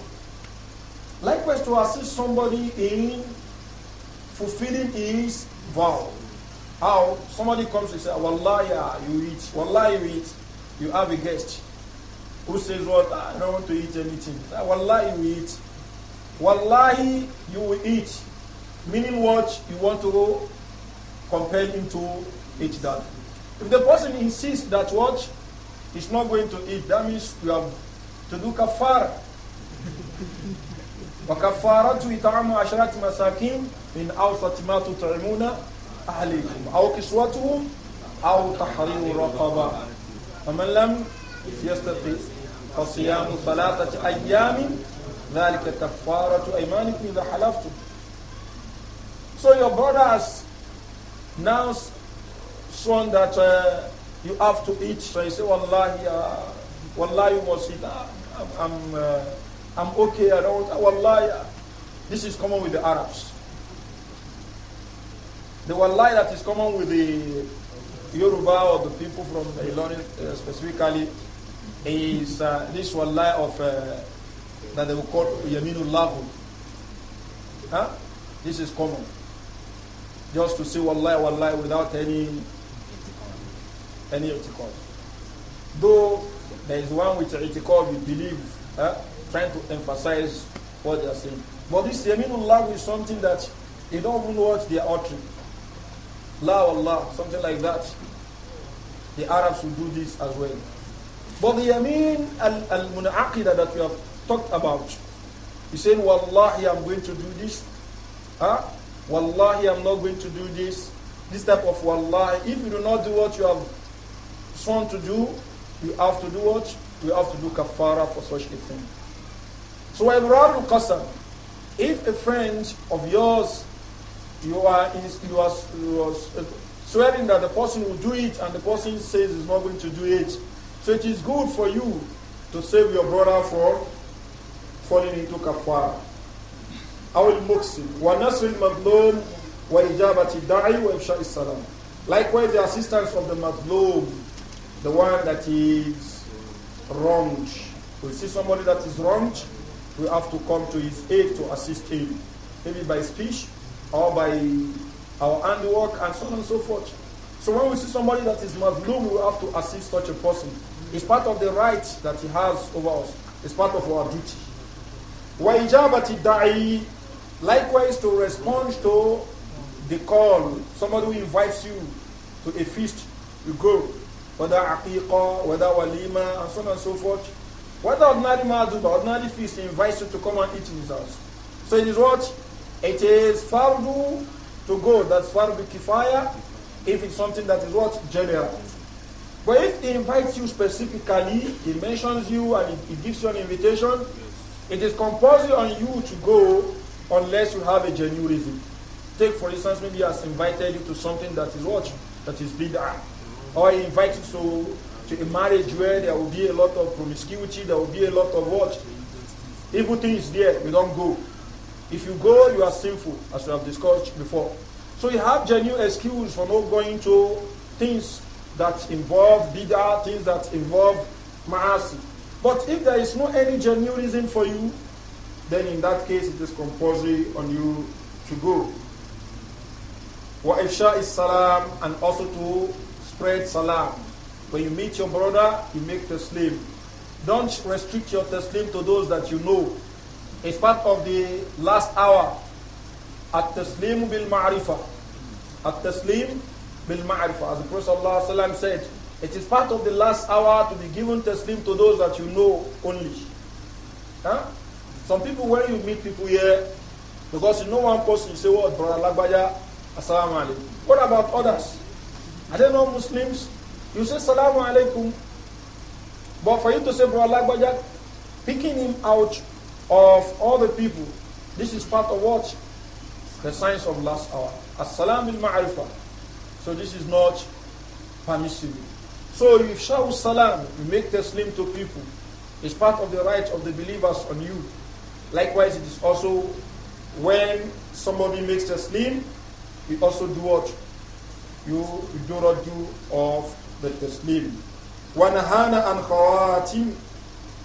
Likewise, to assist somebody in fulfilling his vow. How? Somebody comes and says, Wallahi, ah, you eat. Wallahi, you eat. You have a guest who says, What? I don't want to eat anything. Wallahi, you eat. Wallahi, you will eat. Meaning what? You want to compel him to eat that. If the person insists that what? He's not going to eat, that means you have تدو do kafara. وكفارته إطعام عشرة مساكين من أوسط ما تطعمون أهليكم أو كسوتهم أو تحرير رقبة فمن لم يستطع فصيام ثلاثة أيام ذلك كفارة أيمانكم إذا حلفتم So your brothers now shown that uh, you have to eat. So you say, Wallahi, uh, Wallahi, you must eat. Uh, I'm, uh, I'm okay, I don't, wallahi. This is common with the Arabs. The wallahi that is common with the Yoruba or the people from Ilorin uh, specifically is uh, this wallahi of, uh, that they will call Yaminullahu. Huh? This is common. Just to say wallahi, wallahi without any, any article. Though there is one which called. we believe, huh? Eh, trying to emphasize what they are saying. But this Yaminullah is something that they don't even know what they are uttering. La Allah, something like that. The Arabs will do this as well. But the Yamin al munaqida that we have talked about, he said, Wallahi, I'm going to do this. Huh? Wallahi, I'm not going to do this. This type of Wallahi. If you do not do what you have sworn to do, we have to do what? We have to do kafara for such a thing. So Imran al-Qasam, if a friend of yours, you are, you are, you are swearing that the person will do it and the person says he's not going to do it, so it is good for you to save your brother from falling into kafara. أو المقسم ونصر المظلوم وإجابة wa وإفشاء salam. Likewise, the assistance of the Madlum the one that is wronged. We see somebody that is wronged, we have to come to his aid to assist him, maybe by speech or by our handwork and so on and so forth. So when we see somebody that is madlum, we have to assist such a person. It's part of the right that he has over us. It's part of our duty. وَإِجَابَةِ الدَّعِي Likewise to respond to the call. Somebody who invites you to a feast, you go whether aqiqah, whether walima, and so on and so forth. Whether ordinary madhuba, ordinary feast invites you to come and eat in his house. So it is what? It is fardu to go, that's fardu kifaya, if it's something that is what? General. But if he invites you specifically, he mentions you and he gives you an invitation, it is compulsory on you to go unless you have a genuine reason. Take, for instance, maybe he has invited you to something that is what? That is bid'ah or he invites you to, to a marriage where there will be a lot of promiscuity, there will be a lot of what? Evil things there, you don't go. If you go, you are sinful, as we have discussed before. So you have genuine excuse for not going to things that involve bid'ah, things that involve ma'asi. But if there is no any genuine reason for you, then in that case it is compulsory on you to go. Wa ifsha is salam and also to spread salam. When you meet your brother, you make the taslim. Don't restrict your taslim to those that you know. It's part of the last hour. At taslim bil ma'rifah. At taslim bil ma'rifah. As the Prophet ﷺ said, it is part of the last hour to be given taslim to those that you know only. Huh? Some people, when you meet people here, because you know one person, you say, What, oh, brother Lagbaya, assalamu alaikum. What about others? I do not know Muslims? You say Salamu Alaikum. But for you to say Bro Bajak, picking him out of all the people, this is part of what? The science of last hour. As-salam bil ma'rifah. So this is not permissible. So if shout salam, you make taslim to people. It's part of the right of the believers on you. Likewise, it is also when somebody makes taslim, you also do what? you do not do of the taslim. وَنَهَانَ عَنْ خَوَاتِمْ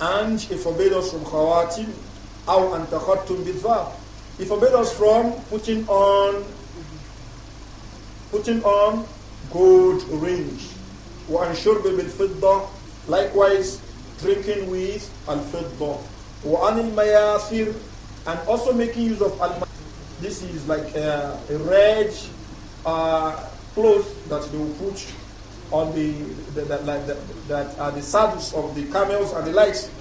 And he forbade us from خَوَاتِمْ أَوْ أَنْ تَخَطُّمْ بِالْفَابِ He forbade us from putting on putting on gold rings. وَأَنْ شُرْبِ بِالْفِضَّةِ Likewise, drinking with al-fiddah. وَأَنِ الْمَيَاثِرِ And also making use of al This is like a, a red uh, Clothes that they will put on the, the, the, like the that are the saddles of the camels and the likes.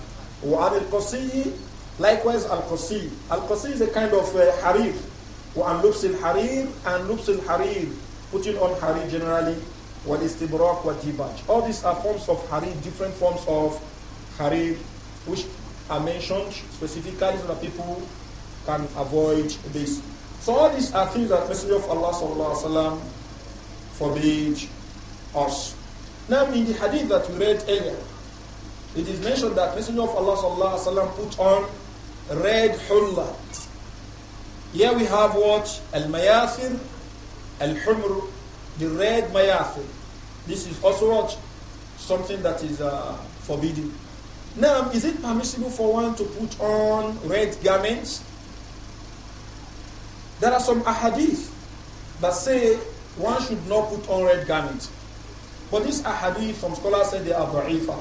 likewise al likewise Al القصي is a kind of uh, harir وعن لبس الحرير and لبس الحرير putting on harir generally What is What is dibaj? all these are forms of harir different forms of harir which are mentioned specifically so that people can avoid this so all these are things that messenger of Allah sallallahu alaihi wasallam forbid us. Now in the hadith that we read earlier, it is mentioned that Messenger of Allah sallallahu alaihi wasallam put on red hulla. Here we have what? Al-Mayathir, Al-Humr, the red Mayathir. This is also what? Something that is uh, forbidden. Now, is it permissible for one to put on red garments? There are some ahadith that say one should not put on red garment. But this ahadith, from scholars say they are da'ifa.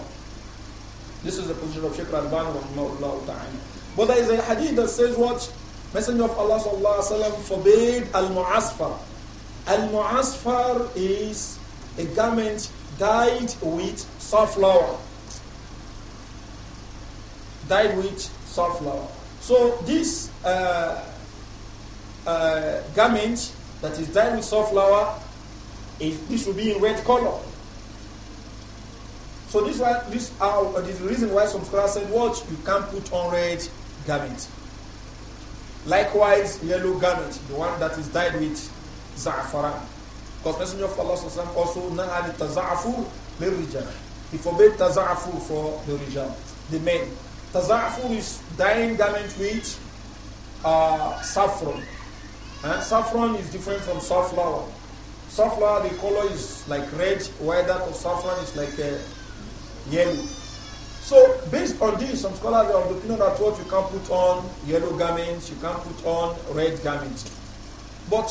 This is the position of Sheikh Al-Bani rahimahullah ta'ala. But there is a hadith that says what? Messenger of Allah sallallahu alaihi wasallam forbade al-mu'asfar. Al-mu'asfar is a garment dyed with safflower. Dyed with safflower. So this uh, uh, garment that is dyed with sunflower, it, this will be in red color. So this is this uh, the reason why some scholars said what you can't put on red garment. Likewise, yellow garment, the one that is dyed with za'afaran. Because Messenger of Allah also nahali taza'afu lirijal. He forbade taza'afu for the rijal, the men. Taza'afu is dyeing garment with uh, saffron. Eh? Saffron is different from safflower. Safflower, the color is like red, while that of saffron is like uh, yellow. So, based on this, some scholars are of the opinion that what you can put on yellow garments, you can put on red garments. But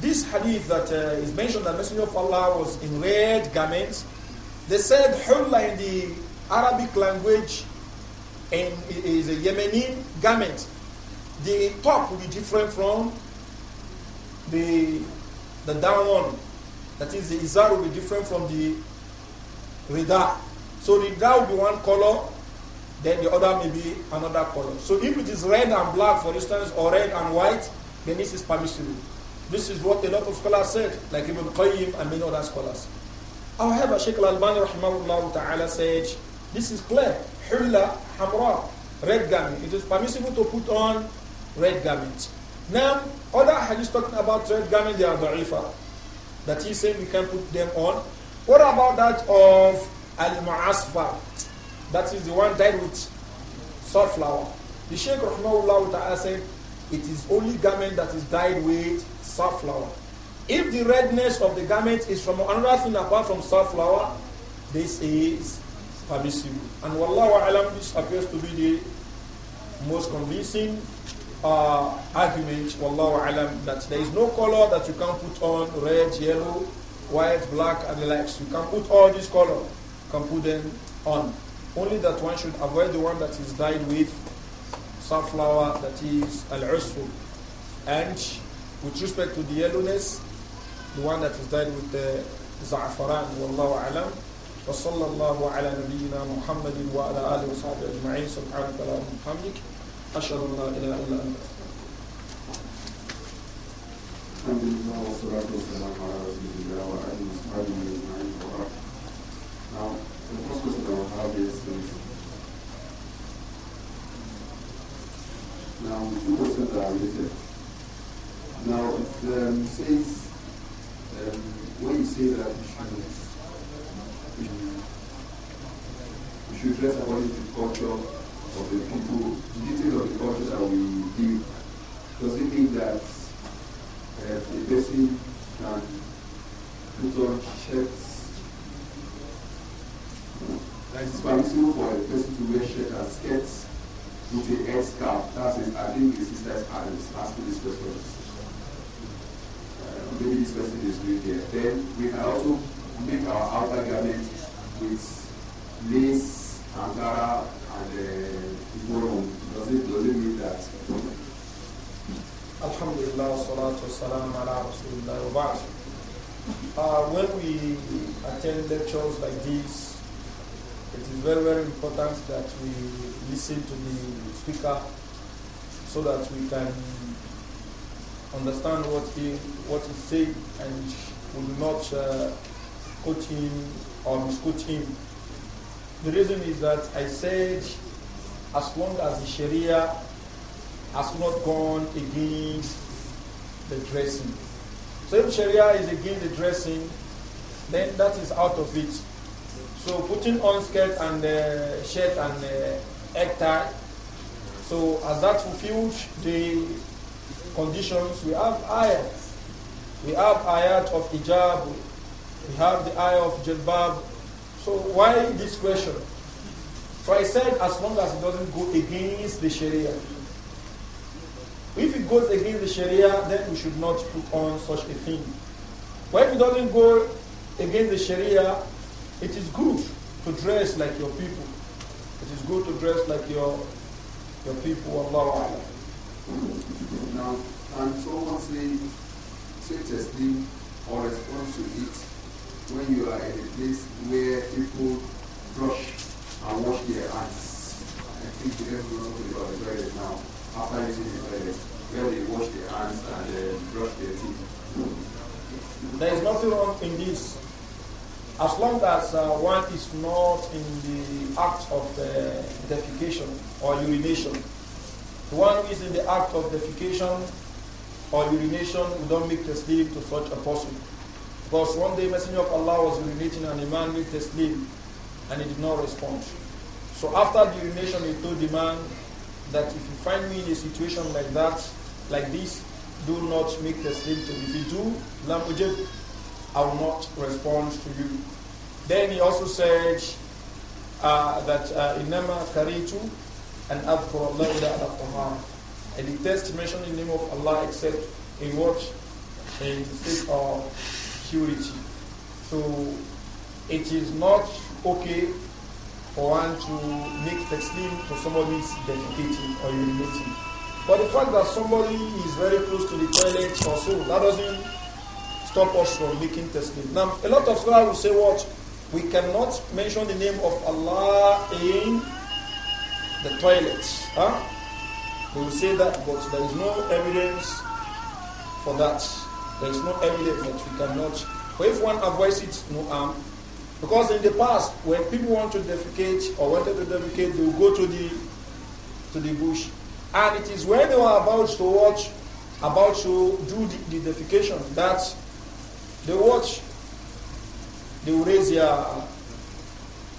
this hadith that uh, is mentioned that Messenger of Allah was in red garments, they said hulla in the Arabic language and is a Yemeni garment. The top will be different from the the down one, that is the izar will be different from the rida. So the rida will be one color, then the other may be another color. So if it is red and black, for instance, or red and white, then this is permissible. This is what a lot of scholars said, like Ibn Qayyim and many other scholars. However, Sheikh Al-Albani rahimahullah ta'ala said, this is clear, hula hamra, red garment. It is permissible to put on red garments. Now, other hadiths talking about red garment, they are da'ifa. That he saying we can put them on. What about that of Al-Mu'asfa? Maasfa is the one dyed with safflower. The Shaykh Rahmahullah Ta'ala said, it is only garment that is dyed with safflower. If the redness of the garment is from another thing apart from safflower, this is permissible. And Wallahu Alam, this appears to be the most convincing uh, argument, wallahu alam, that there is no color that you can put on, red, yellow, white, black, and the likes. You can put all these color, can put them on. Only that one should avoid the one that is dyed with sunflower, that is al-usfur. And with respect to the yellowness, the one that is dyed with the za'afaran, wallahu alam. وصلى الله على نبينا محمد وعلى اله وصحبه اجمعين سبحانك اللهم وبحمدك أشهد أن لا إله إلا أنت الحمد لله والصلاة والسلام على رسول الله وصحبه أجمعين وبارك Now, the focus of our Wahhabi explanation. Now, two Now, the um, says, um, when you say that we should, we should dress according to culture, of the people, the details of the culture that we give, does it mean that uh, a person can put on shirts? It's permissible for a person to wear shirt and skirts with a headscarf. That's it. I think the sisters are asking this question. Uh, maybe this person is doing there. Then we can also make our outer garment with lace, angara, and Quran, uh, does it, does it mean that? Alhamdulillah, salatu salam ala rasulullah wa uh, When we attend lectures like this, it is very, very important that we listen to the speaker so that we can understand what he, what he said and will not uh, quote him or misquote him the reason is that I said as long as the Sharia has not gone against the dressing. So if Sharia is against the dressing, then that is out of it. So putting on skirt and uh, shirt and uh, egg tie, so as that fulfills the conditions, we have ayat. We have ayat of hijab, we have the ayat of jilbab, so why this question? So I said, as long as it doesn't go against the Sharia. If it goes against the Sharia, then we should not put on such a thing. But if it doesn't go against the Sharia, it is good to dress like your people. It is good to dress like your your people, Allah Allah. Now, and someone say, say testing or respond to it when you are in a place where people brush and wash their hands. I think you have don't know about the toilet now. After using the toilet, where they wash their hands and uh, brush their teeth. There is nothing wrong in this. As long as uh, one is not in the act of uh, defecation or urination, one is in the act of defecation or urination, we don't make the slave to such a person. Because one day Messenger of Allah was urinating and the man went to sleep and he did not respond. So after the urination, he told the man that if you find me in a situation like that, like this, do not make the sleep to me. If you do, Lamujib, I will not respond to you. Then he also said uh, that uh, Inama Karitu and Abkur Allah ila I detest mentioning the name of Allah except in what? In the state of so it is not okay for one to make taslim to somebody's is defecating or urinating. But the fact that somebody is very close to the toilet or so, that doesn't stop us from making taslim. Now, a lot of scholars will say what? We cannot mention the name of Allah in the toilet. Huh? They will say that, but there is no evidence for that. There is no evidence that we cannot. For if one avoids it, no harm. Because in the past, when people want to defecate or wanted to defecate, they would go to the to the bush. And it is when they were about to watch, about to do the, the defecation that they watch, they will raise their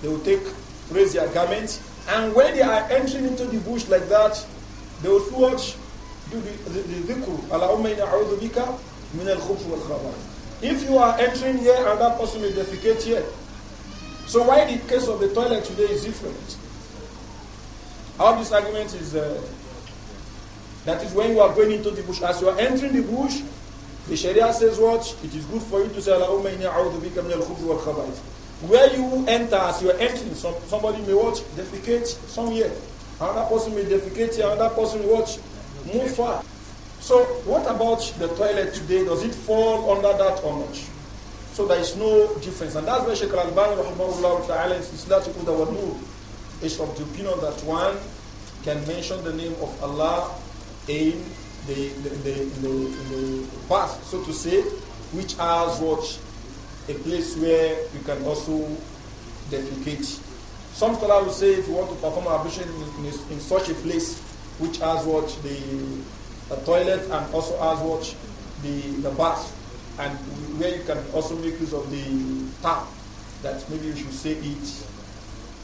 they will take raise their garment. And when they are entering into the bush like that, they will watch do the the the inna if you are entering here and that person may defecate here. So why the case of the toilet today is different? How this argument is uh, that is when you are going into the bush. As you are entering the bush, the Sharia says what? It is good for you to say, Allahumma inni to bika min al Where you enter, as you are entering, some, somebody may watch, defecate somewhere. Another person may defecate here, another person watch, move far. So what about the toilet today? Does it fall under that or not? So there is no difference. And that's why Sheikh Al-Albani rahimahullah ta'ala in Sislatiku Dawadnu is of the opinion that one can mention the name of Allah in the, the, the, the, the bath, so to say, which has what? A place where you can also defecate. Some scholars will say if you want to perform ablution in, in, in such a place which has what? The the toilet and also as watch the the bath and where you can also make use of the tap that maybe you should say it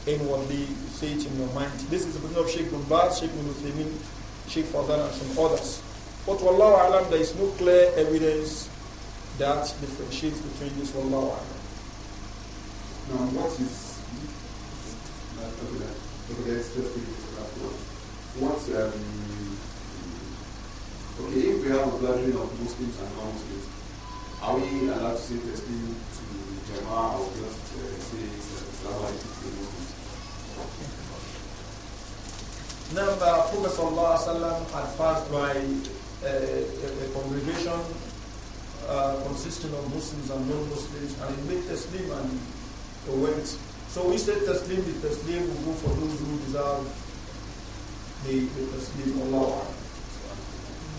inwardly say it in your mind this is the opinion of Sheikh bin Baz Sheikh bin Sheikh Fawzan and some others but Allah Alam there is no clear evidence that differentiates between this Wallahu Alam now what is that, okay, just take one what um, Okay, if we have a gathering of Muslims and non-Muslims, are we allowed to say testing to Jama'ah or just uh, say Salam alaikum to Muslims? Number, the Prophet Sallallahu had passed by uh, a, a, congregation uh, consisting of Muslims and non-Muslims and he made Taslim and he went. So we said Taslim, the Taslim will go for those who deserve the, the Taslim, Allah.